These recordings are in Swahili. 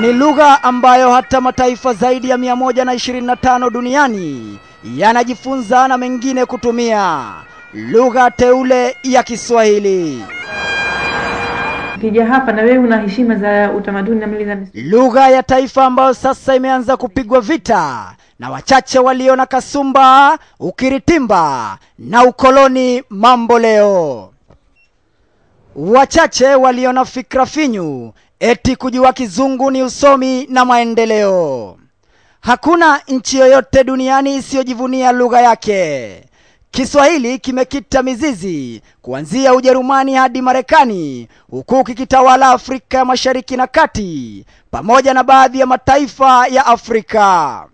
Ni lugha ambayo hata mataifa zaidi ya 125 duniani yanajifunza na mengine kutumia lugha teule ya Kiswahili. Kija hapa na wewe una heshima za utamaduni na mila za lugha ya taifa ambayo sasa imeanza kupigwa vita na wachache walio na kasumba, ukiritimba na ukoloni mambo leo, wachache walio na fikra finyu eti kujua kizungu ni usomi na maendeleo. Hakuna nchi yoyote duniani isiyojivunia lugha yake. Kiswahili kimekita mizizi kuanzia Ujerumani hadi Marekani, huku kikitawala Afrika ya Mashariki na Kati pamoja na baadhi ya mataifa ya Afrika.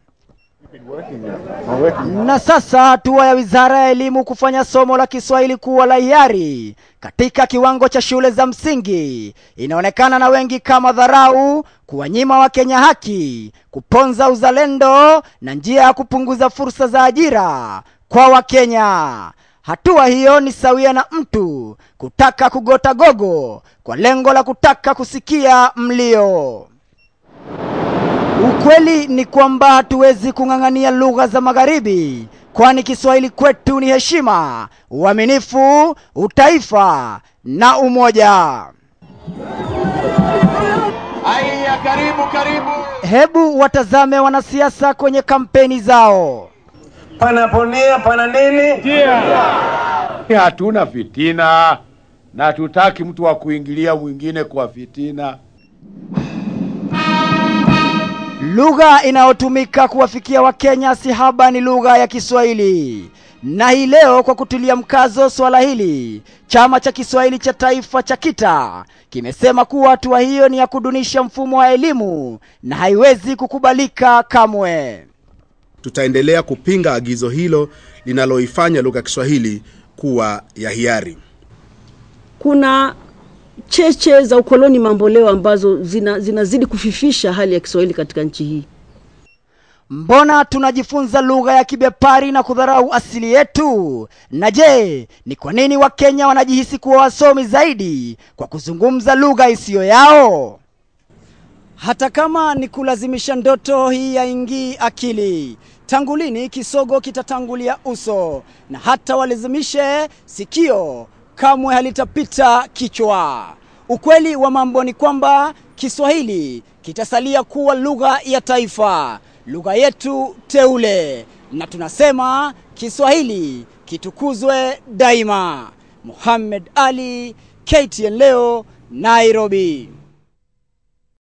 Na sasa hatua ya Wizara ya Elimu kufanya somo la Kiswahili kuwa la hiari katika kiwango cha shule za msingi inaonekana na wengi kama dharau, kuwanyima Wakenya haki, kuponza uzalendo na njia ya kupunguza fursa za ajira kwa Wakenya. Hatua hiyo ni sawia na mtu kutaka kugota gogo kwa lengo la kutaka kusikia mlio. Ukweli ni kwamba hatuwezi kung'ang'ania lugha za magharibi, kwani Kiswahili kwetu ni heshima, uaminifu, utaifa na umoja. Aya, karibu karibu. Hebu watazame wanasiasa kwenye kampeni zao. Panaponia pana nini? Yeah. Hatuna fitina na hatutaki mtu wa kuingilia mwingine kwa fitina. Lugha inayotumika kuwafikia Wakenya sihaba ni lugha ya Kiswahili. Na hii leo kwa kutilia mkazo swala hili, chama cha Kiswahili cha Taifa cha KITA kimesema kuwa hatua hiyo ni ya kudunisha mfumo wa elimu na haiwezi kukubalika kamwe. Tutaendelea kupinga agizo hilo linaloifanya lugha ya Kiswahili kuwa ya hiari. Kuna cheche za ukoloni mamboleo ambazo zinazidi zina kufifisha hali ya Kiswahili katika nchi hii. Mbona tunajifunza lugha ya kibepari na kudharau asili yetu? Na je, ni kwa nini Wakenya wanajihisi kuwa wasomi zaidi kwa kuzungumza lugha isiyo yao? Hata kama ni kulazimisha ndoto hii yaingii akili, tangu lini kisogo kitatangulia uso? Na hata walazimishe sikio kamwe halitapita kichwa. Ukweli wa mambo ni kwamba Kiswahili kitasalia kuwa lugha ya taifa, lugha yetu teule, na tunasema Kiswahili kitukuzwe daima. Muhammad Ali, KTN Leo, Nairobi.